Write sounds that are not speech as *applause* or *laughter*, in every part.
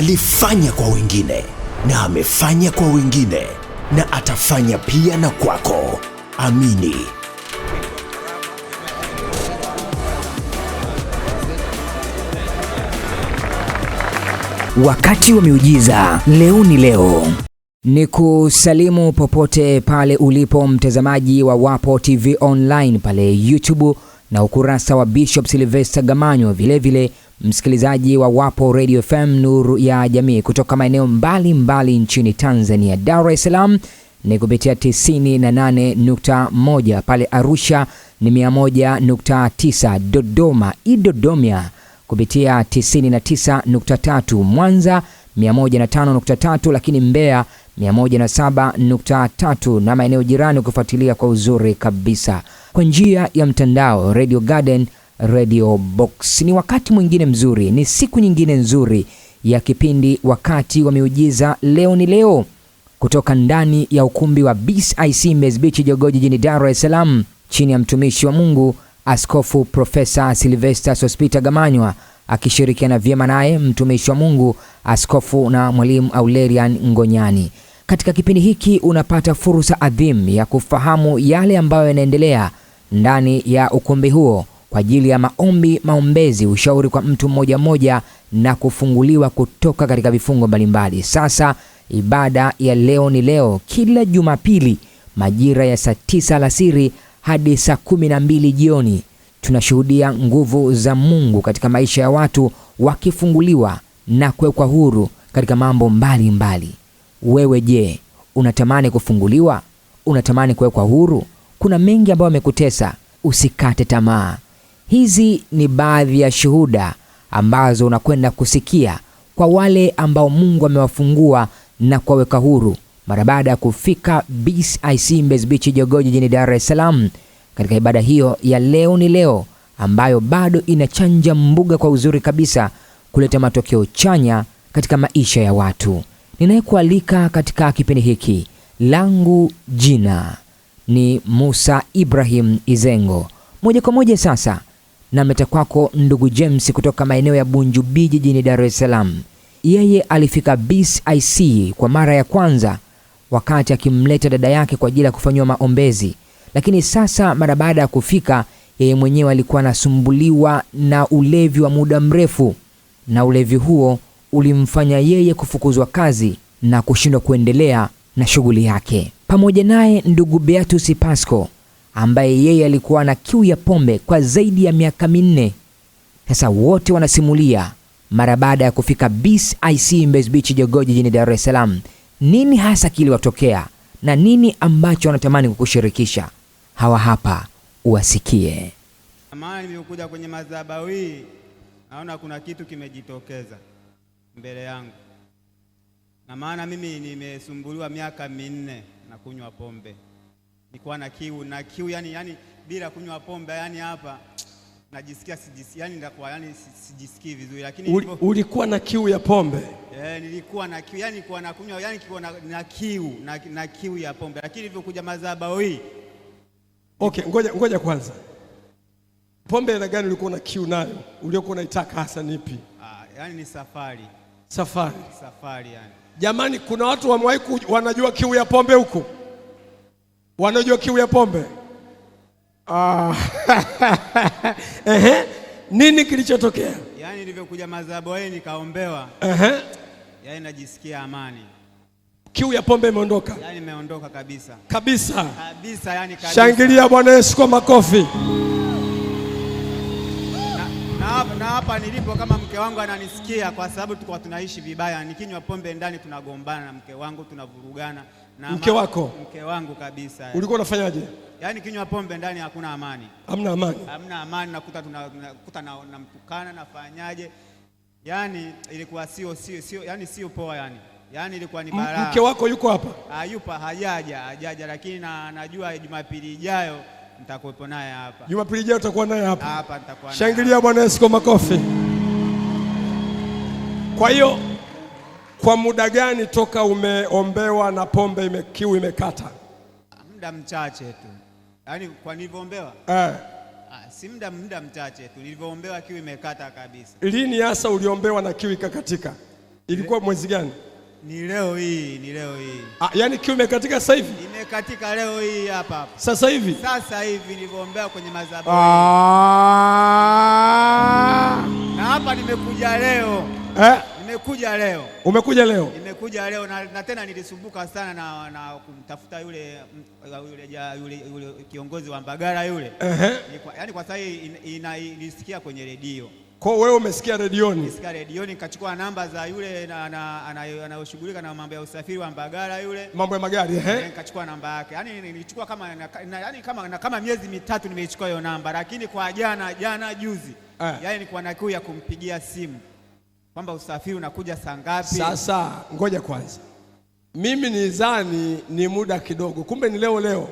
alifanya kwa wengine na amefanya kwa wengine na atafanya pia na kwako. Amini. Wakati wa miujiza leo ni leo. Ni kusalimu popote pale ulipo mtazamaji wa Wapo TV Online pale YouTube na ukurasa wa Bishop Sylvester Gamanyo vilevile msikilizaji wa Wapo Radio FM, nuru ya jamii, kutoka maeneo mbalimbali nchini Tanzania. Dar es Salaam ni kupitia 98.1, pale Arusha ni 101.9, Dodoma idodomia kupitia 99.3, Mwanza 105.3, lakini Mbeya 107.3 na maeneo jirani, kufuatilia kwa uzuri kabisa kwa njia ya mtandao Radio Garden Radio Box. Ni wakati mwingine mzuri, ni siku nyingine nzuri ya kipindi Wakati wa Miujiza. Leo ni leo, kutoka ndani ya ukumbi wa bic Mbezi Jogo jijini Dar es Salaam, chini ya mtumishi wa Mungu Askofu Profesa Silvester Sospita Gamanywa akishirikiana vyema naye mtumishi wa Mungu Askofu na Mwalimu aulerian Ngonyani. Katika kipindi hiki unapata fursa adhimu ya kufahamu yale ambayo yanaendelea ndani ya ukumbi huo kwa ajili ya maombi, maombezi, ushauri kwa mtu mmoja mmoja na kufunguliwa kutoka katika vifungo mbalimbali. Sasa ibada ya leo ni leo, kila Jumapili majira ya saa tisa alasiri hadi saa kumi na mbili jioni tunashuhudia nguvu za Mungu katika maisha ya watu wakifunguliwa na kuwekwa huru katika mambo mbalimbali mbali. Wewe je, unatamani kufunguliwa? Unatamani kuwekwa huru? Kuna mengi ambayo amekutesa. Usikate tamaa. Hizi ni baadhi ya shuhuda ambazo unakwenda kusikia kwa wale ambao Mungu amewafungua na kuwaweka huru mara baada ya kufika BIC Mbezi Beach Jogo jijini Dar es Salaam katika ibada hiyo ya leo ni leo ambayo bado inachanja mbuga kwa uzuri kabisa kuleta matokeo chanya katika maisha ya watu. Ninayekualika katika kipindi hiki langu jina ni Musa Ibrahim Izengo. Moja kwa moja sasa na mete kwako ndugu James kutoka maeneo ya Bunjubi jijini Dar es Salaam. Yeye alifika bic kwa mara ya kwanza wakati akimleta dada yake kwa ajili ya kufanyiwa maombezi, lakini sasa mara baada ya kufika, yeye mwenyewe alikuwa anasumbuliwa na ulevi wa muda mrefu, na ulevi huo ulimfanya yeye kufukuzwa kazi na kushindwa kuendelea na shughuli yake. Pamoja naye ndugu Beatus Pasco ambaye yeye alikuwa na kiu ya pombe kwa zaidi ya miaka minne. Sasa wote wanasimulia mara baada ya kufika BIC Mbezi Beach Jogoo jijini Dar es Salaam, nini hasa kiliwatokea na nini ambacho wanatamani kukushirikisha. Hawa hapa uwasikie. Amani, nimekuja kwenye madhabahu hii, naona kuna kitu kimejitokeza mbele yangu, na maana mimi nimesumbuliwa miaka minne na kunywa pombe nilikuwa na kiu na kiu yani, yani bila kunywa pombe yani hapa najisikia sijisikia yani ndakuwa yani sijisikii vizuri, lakini Uli, nipo, ulikuwa na kiu ya pombe eh? Nilikuwa na kiu yani kwa na kunywa yani kwa na, na kiu na, na kiu ya pombe, lakini nilivyokuja madhabahu hii. Okay, ngoja ngoja kwanza, pombe aina gani ulikuwa na kiu nayo, uliokuwa unaitaka hasa nipi? Ah, yani ni safari safari safari yani. Jamani, kuna watu wamewahi wanajua kiu ya pombe huko Wanajua kiu ya pombe ah. *laughs* Ehe, nini kilichotokea? Yaani nilivyokuja madhabahuni nikaombewa. Ehe, yaani najisikia amani, kiu ya pombe imeondoka. Yaani imeondoka kabisa kabisa kabisa, yani kabisa. Shangilia Bwana Yesu kwa makofi. Na hapa nilipo kama mke wangu ananisikia, kwa sababu tulikuwa tunaishi vibaya. Nikinywa pombe ndani tunagombana na mke wangu, tunavurugana mke wako? Mke wangu kabisa. Yani. Ulikuwa unafanyaje? Yaani kinywa pombe ndani hakuna amani. Hamna amani. Hamna amani nakuta tunakuta na namtukana nafanyaje? Yaani ilikuwa sio sio sio yani sio poa yani. Yaani ilikuwa ni balaa. Mke wako yuko hapa? Ah, Hayupa, hajaja, hajaja lakini na najua Jumapili ijayo nitakuwepo naye hapa. Jumapili ijayo utakuwa naye hapa. Hapa nitakuwa naye. Shangilia Bwana Yesu kwa makofi. Kwa hiyo kwa muda gani toka umeombewa na pombe ime, kiu imekata? Muda mchache tu. Yaani kwa nilivyoombewa? Eh. Ah, si muda muda mchache tu. Nilivyoombewa kiu imekata kabisa. Lini hasa uliombewa na kiu ikakatika? Ilikuwa mwezi gani? Ni leo hii, ni leo hii. Ah, yani kiu imekatika sasa hivi? Imekatika leo hii hapa hapa. Sasa hivi? Sasa hivi nilivyoombewa kwenye madhabahu. Ah. Na hapa nimekuja leo. Eh? Nimekuja leo. Umekuja leo? Nimekuja leo na, na tena nilisumbuka sana na, na kumtafuta yule, mm, yule, yule, yule kiongozi wa Mbagala yule. uh -huh. Yaani kwa sasa ina, kwenye redio. Kwa wewe umesikia redioni? Nisikia redioni nikachukua namba za yule anayoshughulika na, na, na, na mambo ya usafiri wa Mbagala yule. Mambo ya magari eh? Nikachukua namba yake. Yaani nilichukua kama na, yaani kama na, kama miezi mitatu nimeichukua hiyo namba, lakini kwa jana jana juzi, uh eh. -huh. yaani nilikuwa na kiu ya kumpigia simu kwamba usafiri unakuja saa ngapi? Sasa ngoja kwanza, mimi nizani ni muda kidogo, kumbe ni leo leo.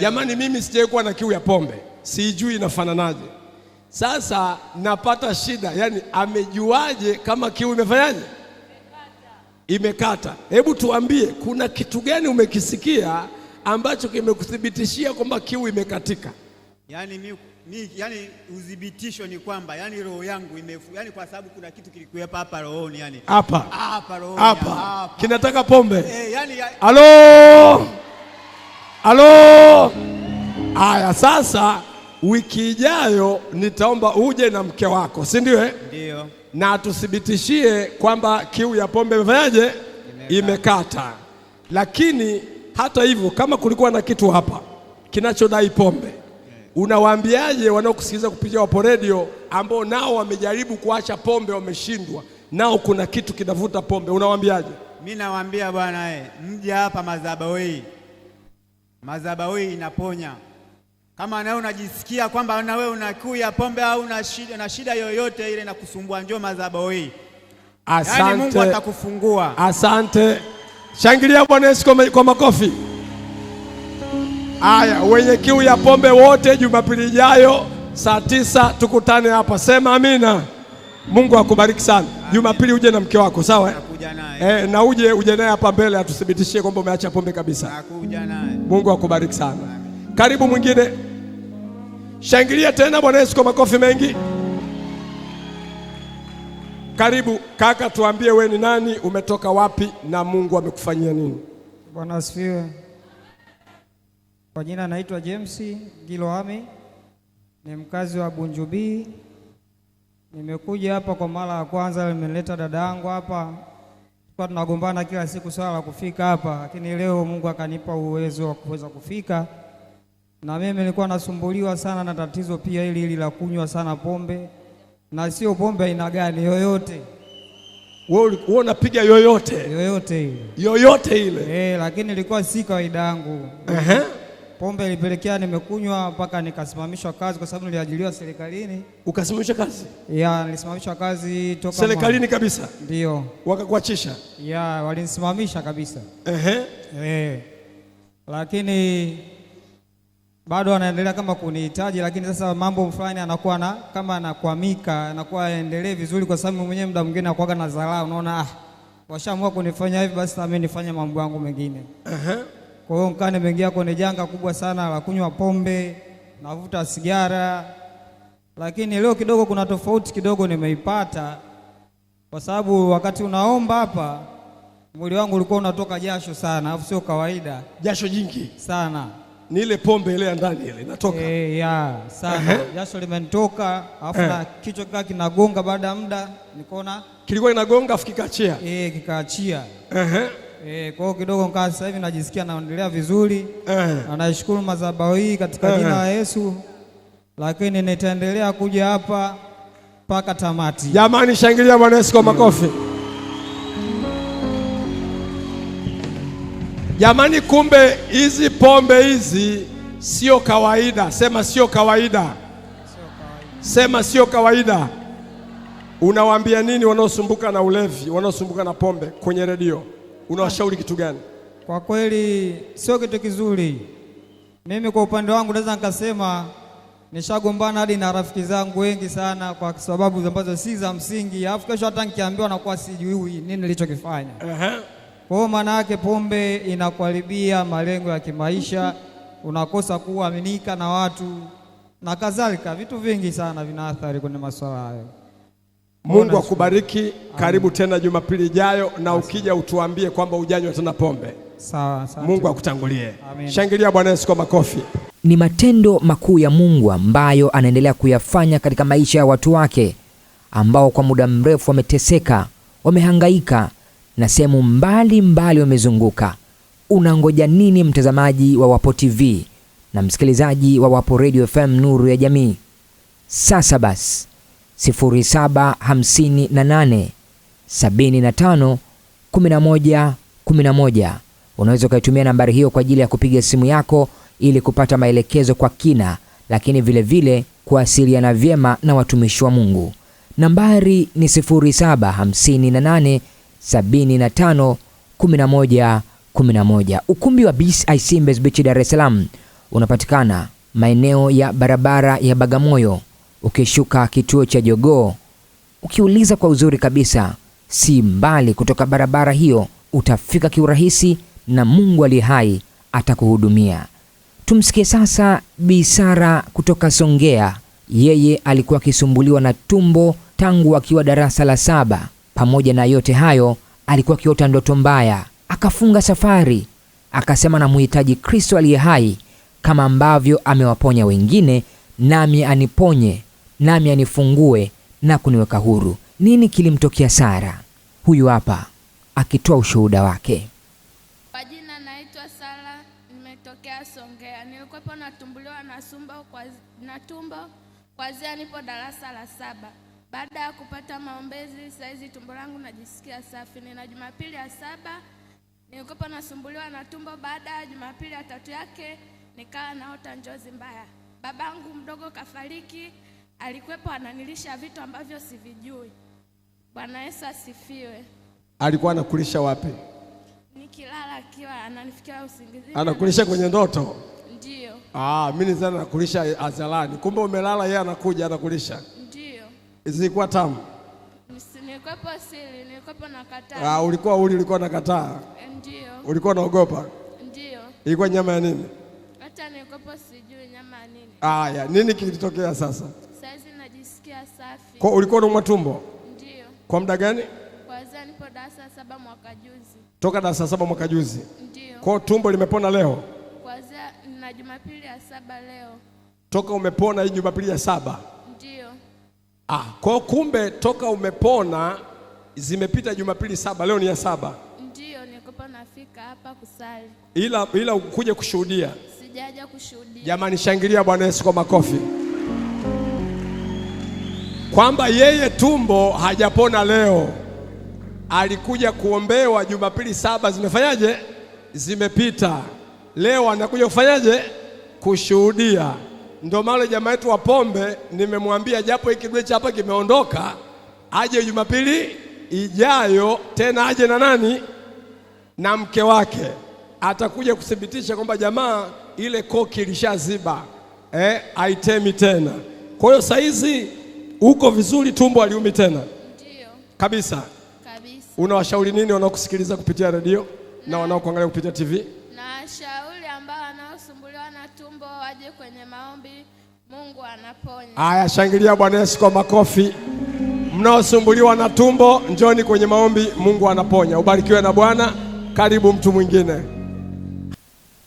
Jamani, mimi sijawahi kuwa na kiu ya pombe, sijui inafananaje. Sasa napata shida, yaani amejuaje kama kiu imefanyaje imekata? Hebu tuambie, kuna kitu gani umekisikia ambacho kimekuthibitishia kwamba kiu imekatika? yaani mimi ni yani udhibitisho ni kwamba yani roho yangu imefu yani, kwa sababu kuna kitu kilikuwepo hapa rohoni yani hapa hapa rohoni hapa kinataka pombe eh, yani halo halo. Haya, sasa wiki ijayo nitaomba uje na mke wako, si ndio? Eh? Ndio, na tuthibitishie kwamba kiu ya pombe imefanyaje, imekata. Lakini hata hivyo, kama kulikuwa na kitu hapa kinachodai pombe Unawaambiaje wanaokusikiliza kupitia Wapo Redio ambao nao wamejaribu kuacha pombe wameshindwa, nao kuna kitu kinavuta pombe, unawaambiaje? Mimi nawaambia bwana, eh, mje hapa madhabahuni. Madhabahuni inaponya. Kama nawe unajisikia kwamba na wewe unakuya pombe au una shida, na shida yoyote ile kusumbua, njoo madhabahuni. Asante. Yaani Mungu atakufungua. Asante. Shangilia Bwana Yesu kwa makofi. Haya, wenye kiu ya pombe wote, Jumapili ijayo saa tisa tukutane hapa, sema amina. Mungu akubariki sana. Jumapili uje na mke wako, sawa eh? Na uje uje naye hapa mbele atuthibitishie kwamba umeacha pombe kabisa. Mungu akubariki sana. Karibu mwingine, shangilia tena Bwana Yesu kwa makofi mengi. Karibu kaka, tuambie we ni nani, umetoka wapi na Mungu amekufanyia nini? Bwana asifiwe. Kwa jina naitwa James Giloami, ni mkazi wa Bunjubi. Nimekuja hapa kwa mara ya kwanza, nimeleta dada yangu hapa. Tulikuwa tunagombana kila siku swala la kufika hapa, lakini leo Mungu akanipa uwezo wa kuweza kufika. Na mimi nilikuwa nasumbuliwa sana na tatizo pia hili hili la kunywa sana pombe, na sio pombe aina gani, yoyote wewe unapiga yoyote yoyote ile, yoyote ile. Eh, lakini ilikuwa si kawaida yangu. uh -huh pombe ilipelekea nimekunywa mpaka nikasimamishwa kazi kwa sababu niliajiliwa serikalini. Ukasimamishwa kazi? Ya, nilisimamishwa kazi toka serikalini kabisa. Ndio. Wakakuachisha? Ya, walinisimamisha kabisa. Ehe. Eh. Lakini bado anaendelea kama kunihitaji, lakini sasa mambo fulani anakuwa na kama anakwamika, anakuwa aendelee vizuri, kwa sababu mwenyewe muda mwingine anakuwa na dharau, unaona ah, washaamua kunifanya hivi, basi na mimi nifanye mambo yangu mengine. Ehe. Kwa hiyo mkane mengi yako ni janga kubwa sana la kunywa pombe navuta sigara, lakini leo kidogo kuna tofauti kidogo nimeipata, kwa sababu wakati unaomba hapa mwili wangu ulikuwa unatoka jasho sana, afu sio kawaida, jasho jingi sana ni ile pombe ile ndani ile inatoka eh, ya sana jasho limenitoka, alafu eh. na kichwa kika kinagonga. Baada ya muda nikaona kilikuwa inagonga afu kikaachia, eh, kikaachia Eh, kwa hiyo kidogo nkaa sasa hivi najisikia naendelea vizuri eh. Na nashukuru madhabahu hii katika eh, jina la Yesu, lakini nitaendelea kuja hapa mpaka tamati. Jamani, shangilia Bwana Yesu kwa makofi. Jamani, kumbe hizi pombe hizi sio kawaida. Sema sio kawaida, sema sio kawaida. Unawaambia nini wanaosumbuka na ulevi, wanaosumbuka na pombe kwenye redio? unawashauri kitu gani? Kwa kweli sio kitu kizuri. Mimi kwa upande wangu naweza nikasema nishagombana hadi na rafiki zangu wengi sana kwa sababu ambazo si za msingi, alafu kesho hata nikiambiwa nakuwa sijui nini nilichokifanya. uh -huh. Kwa hiyo maana yake pombe inakuharibia malengo ya kimaisha, unakosa kuaminika na watu na kadhalika, vitu vingi sana vinaathari kwenye masuala hayo. Mungu akubariki. Karibu tena Jumapili ijayo, na ukija utuambie kwamba ujanywa tena pombe. Sawa, sawa. Mungu akutangulie. Shangilia Bwana Yesu kwa makofi. Ni matendo makuu ya Mungu ambayo anaendelea kuyafanya katika maisha ya watu wake ambao kwa muda mrefu wameteseka, wamehangaika na sehemu mbali mbali wamezunguka. Unangoja nini, mtazamaji wa Wapo TV na msikilizaji wa Wapo Radio FM Nuru ya Jamii? Sasa basi 0758 Unaweza ukaitumia nambari hiyo kwa ajili ya kupiga simu yako ili kupata maelekezo kwa kina, lakini vile vile kuwasiliana vyema na watumishi wa Mungu. Nambari ni 0758 Ukumbi wa BIC Mbezi Beach, Dar es Salaam unapatikana maeneo ya barabara ya Bagamoyo Ukishuka kituo cha Jogoo, ukiuliza kwa uzuri kabisa, si mbali kutoka barabara hiyo, utafika kiurahisi na Mungu aliye hai atakuhudumia. Tumsikie sasa bisara kutoka Songea. Yeye alikuwa akisumbuliwa na tumbo tangu akiwa darasa la saba. Pamoja na yote hayo, alikuwa akiota ndoto mbaya, akafunga safari, akasema namhitaji Kristo aliye hai, kama ambavyo amewaponya wengine, nami aniponye nami anifungue na kuniweka huru. Nini kilimtokea Sara? Huyu hapa akitoa ushuhuda wake. Kwa jina naitwa Sara, nimetokea Songea. Nilikuwa natumbuliwa na sumba kwa, na tumbo kwanzia nipo darasa la saba. Baada ya kupata maombezi, saizi tumbo langu najisikia safi. Nina jumapili ya saba nilikuwa nasumbuliwa na tumbo. Baada ya jumapili ya tatu yake nikawa naota njozi mbaya. Babangu mdogo kafariki alikuwepo ananilisha vitu ambavyo sivijui. Bwana Yesu asifiwe. Alikuwa anakulisha wapi? Nikilala kiwa ananifikia usingizi. Anakulisha kwenye ndoto? Ndio. Ah, mimi nilizana nakulisha azalani, kumbe umelala, yeye anakuja anakulisha. Ndio. Zilikuwa tamu? Nilikuwepo siri, nilikuwepo nakataa. Ah, ulikuwa uli, ulikuwa nakataa? Ndio. Ulikuwa naogopa? Ndio. Ilikuwa nyama ya nini? Hata nilikuwepo sijui nyama ya nini. Aya, nini kilitokea sasa? Kwa ulikuwa unaumwa tumbo? Ndiyo. Kwa muda gani? Kwanza nipo darasa saba mwaka juzi. Toka darasa saba mwaka juzi? Ndiyo. Kwa tumbo limepona leo? Kwanza na Jumapili ya saba leo. Toka umepona hii Jumapili ya saba? Ndiyo. Ah, kwa kumbe toka umepona zimepita Jumapili saba, leo ni ya saba. Ndiyo, nilikuwa nafika hapa kusali. Ila ila ukuje kushuhudia. Sijaja kushuhudia. Jamani, shangilia Bwana Yesu kwa makofi kwamba yeye tumbo hajapona leo, alikuja kuombewa Jumapili saba zimefanyaje? Zimepita. Leo anakuja kufanyaje? Kushuhudia. Ndio maana jamaa wetu wa pombe nimemwambia, japo hiki kidole cha hapa kimeondoka, aje Jumapili ijayo tena, aje na nani? Na mke wake, atakuja kuthibitisha kwamba jamaa ile koki ilishaziba, eh, aitemi tena. Kwa hiyo saizi uko vizuri, tumbo aliumi tena? Ndio. Kabisa, kabisa. Unawashauri nini wanaokusikiliza kupitia redio na, na wanaokuangalia kupitia TV? Na ambao wanaosumbuliwa na tumbo waje kwenye maombi, Mungu anaponya. Aya, shangilia Bwana Yesu kwa makofi. Mnaosumbuliwa na tumbo njoni kwenye maombi, Mungu anaponya. Ubarikiwe na Bwana. Karibu mtu mwingine.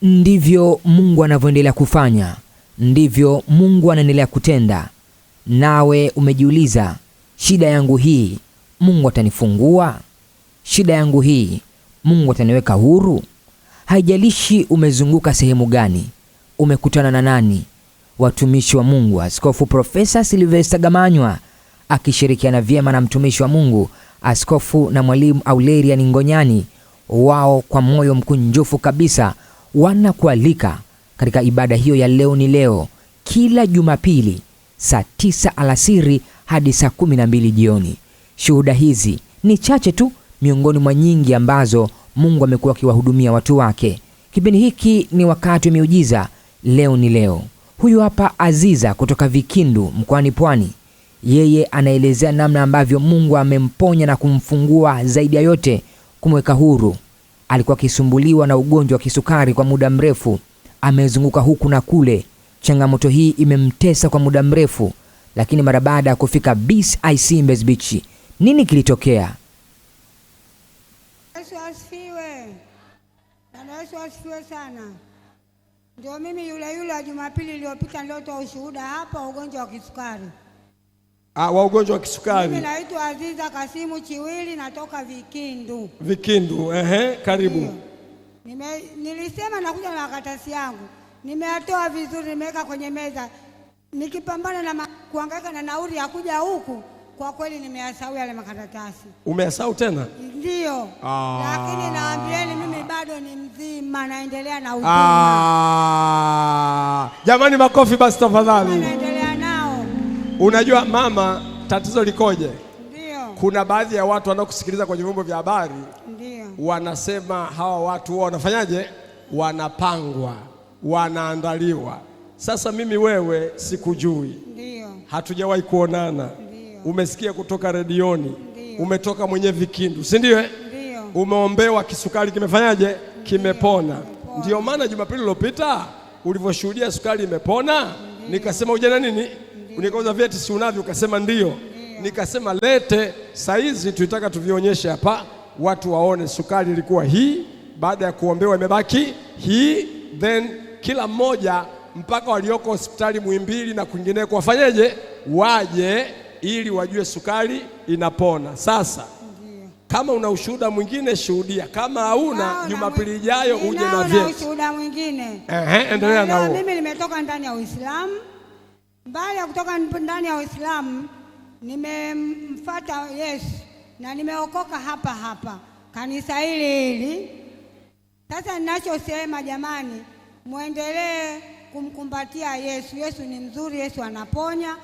Ndivyo Mungu anavyoendelea kufanya, ndivyo Mungu anaendelea kutenda nawe umejiuliza, shida yangu hii Mungu atanifungua? Shida yangu hii Mungu ataniweka huru? Haijalishi umezunguka sehemu gani, umekutana na nani. Watumishi wa Mungu, Askofu Profesa Silvesta Gamanywa akishirikiana vyema na mtumishi wa Mungu askofu na mwalimu Aulerian Ngonyani, wao kwa moyo mkunjufu kabisa wanakualika katika ibada hiyo ya leo ni leo, kila Jumapili saa tisa alasiri hadi saa kumi na mbili jioni. Shuhuda hizi ni chache tu miongoni mwa nyingi ambazo Mungu amekuwa akiwahudumia watu wake. Kipindi hiki ni wakati wa miujiza. Leo ni leo. Huyu hapa Aziza kutoka Vikindu mkoani Pwani, yeye anaelezea namna ambavyo Mungu amemponya na kumfungua, zaidi ya yote kumweka huru. Alikuwa akisumbuliwa na ugonjwa wa kisukari kwa muda mrefu, amezunguka huku na kule, Changamoto hii imemtesa kwa muda mrefu, lakini mara baada ya kufika BCIC Mbezi Beach, nini kilitokea? Yesu asifiwe. Bwana Yesu asifiwe sana. Ndio mimi yule yule wa Jumapili iliyopita niliotoa ushuhuda hapa, ugonjwa wa kisukari Ah, wa ugonjwa wa kisukari. Mimi naitwa Aziza Kasimu Chiwili natoka Vikindu. Vikindu, ehe, karibu. Nime, nilisema nakuja na karatasi yangu nimeatoa vizuri, nimeweka kwenye meza, nikipambana na kuangaika na nauri ya kuja huku kwa kweli nimeyasahau yale makaratasi. Umeyasahau tena? Ndio. Ah. Lakini naambieni mimi bado ni mzima, naendelea na huduma. Ah. Jamani, makofi basi tafadhali. Naendelea nao. Unajua mama, tatizo likoje? Ndio. Kuna baadhi ya watu wanaokusikiliza kwenye vyombo vya habari, ndio wanasema hawa watu wao wanafanyaje, wanapangwa wanaandaliwa. Sasa mimi wewe sikujui, ndio hatujawahi kuonana, umesikia kutoka redioni, umetoka mwenye vikindu, si ndio? Eh? Umeombewa kisukari kimefanyaje? Kimepona. ndio maana Jumapili iliyopita ulivyoshuhudia sukari imepona, nikasema na nini, nikauza vyeti, si unavyo? Ukasema ndio. Nikasema lete saizi, tuitaka tuvionyeshe hapa watu waone, sukari ilikuwa hii, baada ya kuombewa imebaki hii, then kila mmoja mpaka walioko hospitali Muhimbili na kwingineko wafanyeje, waje ili wajue sukari inapona. Sasa kama una ushuhuda mwingine shuhudia, kama hauna, ah, Jumapili ijayo uje na vyeti. Ushuhuda mwingine ehe, endelea na huo. Mimi nimetoka ndani ya Uislamu, mbali ya kutoka ndani ya Uislamu nimemfuata Yesu na nimeokoka hapa hapa kanisa hili hili. Sasa ninachosema jamani mwendelee kumkumbatia Yesu. Yesu ni mzuri, Yesu anaponya.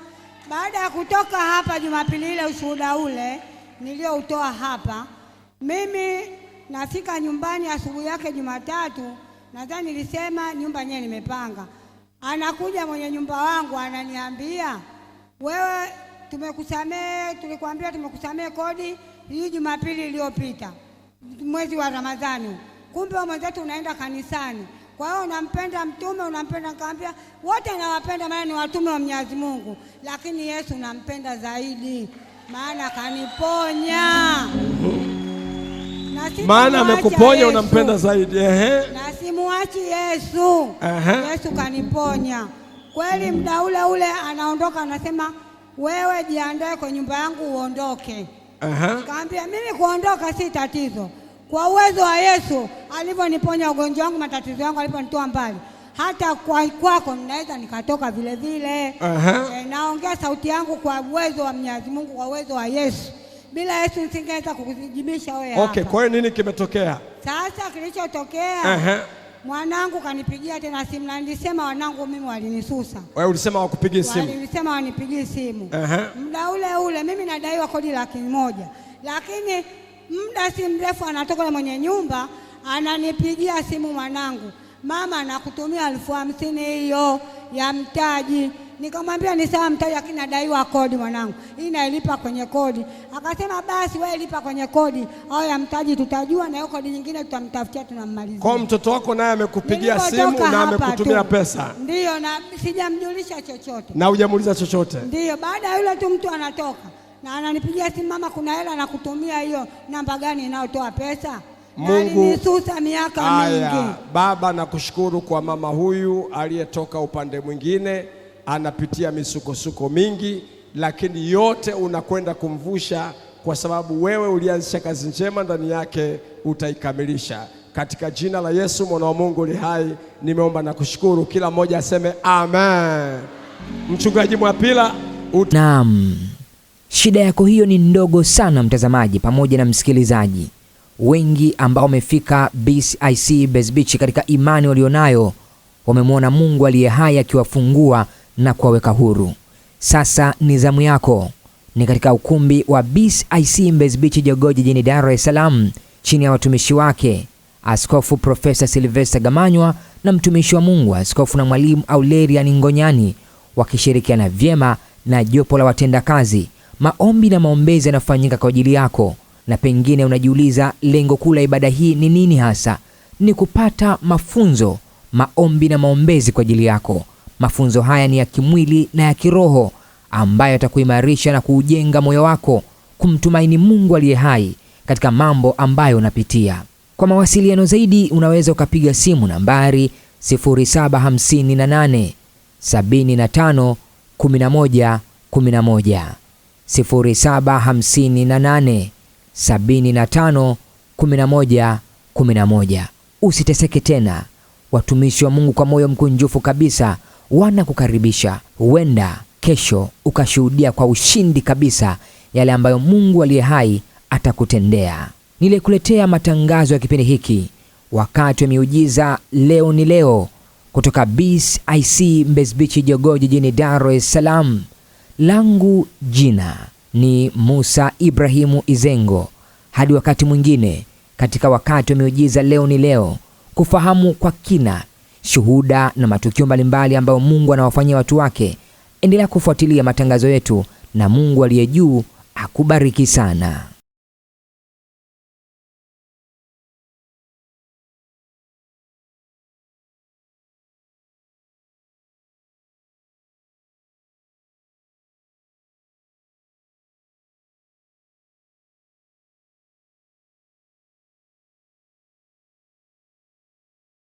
Baada ya kutoka hapa Jumapili ile, ushuhuda ule niliyoutoa hapa, mimi nafika nyumbani asubuhi yake Jumatatu, nadhani nilisema nyumba yenyewe nimepanga. Anakuja mwenye nyumba wangu ananiambia, wewe, tumekusamehe, tulikwambia tumekusamehe kodi hii Jumapili iliyopita, mwezi wa Ramadhani. Kumbe mwenzetu unaenda kanisani kwa hiyo unampenda mtume, unampenda nikamwambia, wote nawapenda, maana ni watume wa Mwenyezi Mungu, lakini Yesu nampenda zaidi, maana kaniponya hmm. maana amekuponya, unampenda zaidi. Ehe, na simuachi Yesu. Ehe, Yesu kaniponya kweli. Muda ule ule anaondoka, anasema wewe jiandae kwa nyumba yangu uondoke. Nikamwambia mimi kuondoka si tatizo kwa uwezo wa Yesu alivyoniponya ugonjwa wangu, matatizo yangu, alivyonitoa mbali, hata kwa kwako ninaweza nikatoka vile vile. uh -huh. E, naongea sauti yangu kwa uwezo wa Mwenyezi Mungu, kwa uwezo wa Yesu. Bila Yesu nisingeweza kukujibisha wewe Okay, kwa hiyo nini kimetokea sasa? Kilichotokea uh -huh. Mwanangu kanipigia tena simu na nilisema wanangu mimi walinisusa. Wewe ulisema wakupigi simu? Nilisema wanipigie simu. uh -huh. Muda ule ule mimi nadaiwa kodi laki moja lakini muda si mrefu anatoka na mwenye nyumba ananipigia simu, mwanangu, mama nakutumia elfu hamsini hiyo ya mtaji. Nikamwambia ni sawa mtaji, lakini nadaiwa kodi mwanangu, hii nailipa kwenye kodi. Akasema basi wewe lipa kwenye kodi au ya mtaji, tutajua na hiyo kodi nyingine tutamtafutia, tunammalizia. Kwa mtoto wako naye amekupigia simu na amekutumia pesa? Ndiyo, na sijamjulisha chochote. Na hujamuuliza chochote? Ndiyo, baada ya yule tu mtu anatoka na ananipigia simu, mama, kuna hela na kutumia, hiyo namba gani inayotoa pesa? Mungu susa miaka mingi. Baba, nakushukuru kwa mama huyu aliyetoka upande mwingine, anapitia misukosuko mingi, lakini yote unakwenda kumvusha kwa sababu wewe ulianzisha kazi njema ndani yake, utaikamilisha katika jina la Yesu mwana wa Mungu li hai. Nimeomba na kushukuru, kila mmoja aseme amen. Mchungaji Mwapila ut... Naam. Shida yako hiyo ni ndogo sana, mtazamaji pamoja na msikilizaji. Wengi ambao wamefika BIC Base Beach katika imani walionayo wamemwona Mungu aliye hai akiwafungua na kuwaweka huru. Sasa ni zamu yako. Ni katika ukumbi wa BIC Mbezi Beach Jogo jijini Dar es Salaam, chini ya watumishi wake Askofu Profesa Silvester Gamanywa na mtumishi wa Mungu Askofu na Mwalimu Aulerian Ngonyani wakishirikiana vyema na jopo la watendakazi Maombi na maombezi yanafanyika kwa ajili yako, na pengine unajiuliza lengo kuu la ibada hii ni nini hasa? Ni kupata mafunzo, maombi na maombezi kwa ajili yako. Mafunzo haya ni ya kimwili na ya kiroho ambayo yatakuimarisha na kuujenga moyo wako kumtumaini Mungu aliye hai katika mambo ambayo unapitia. Kwa mawasiliano zaidi unaweza ukapiga simu nambari 0758 75 11 11. 0758 Usiteseke tena, watumishi wa Mungu kwa moyo mkunjufu kabisa wanakukaribisha. Huenda kesho ukashuhudia kwa ushindi kabisa yale ambayo Mungu aliye hai atakutendea. Nilikuletea matangazo ya kipindi hiki wakati wa miujiza, leo ni leo, kutoka BIC Mbezi Beach Jogoo, jijini Dar es Salaam. Langu jina ni Musa Ibrahimu Izengo. Hadi wakati mwingine katika Wakati wa Miujiza, leo ni leo, kufahamu kwa kina shuhuda na matukio mbalimbali ambayo Mungu anawafanyia watu wake. Endelea kufuatilia matangazo yetu, na Mungu aliye juu akubariki sana.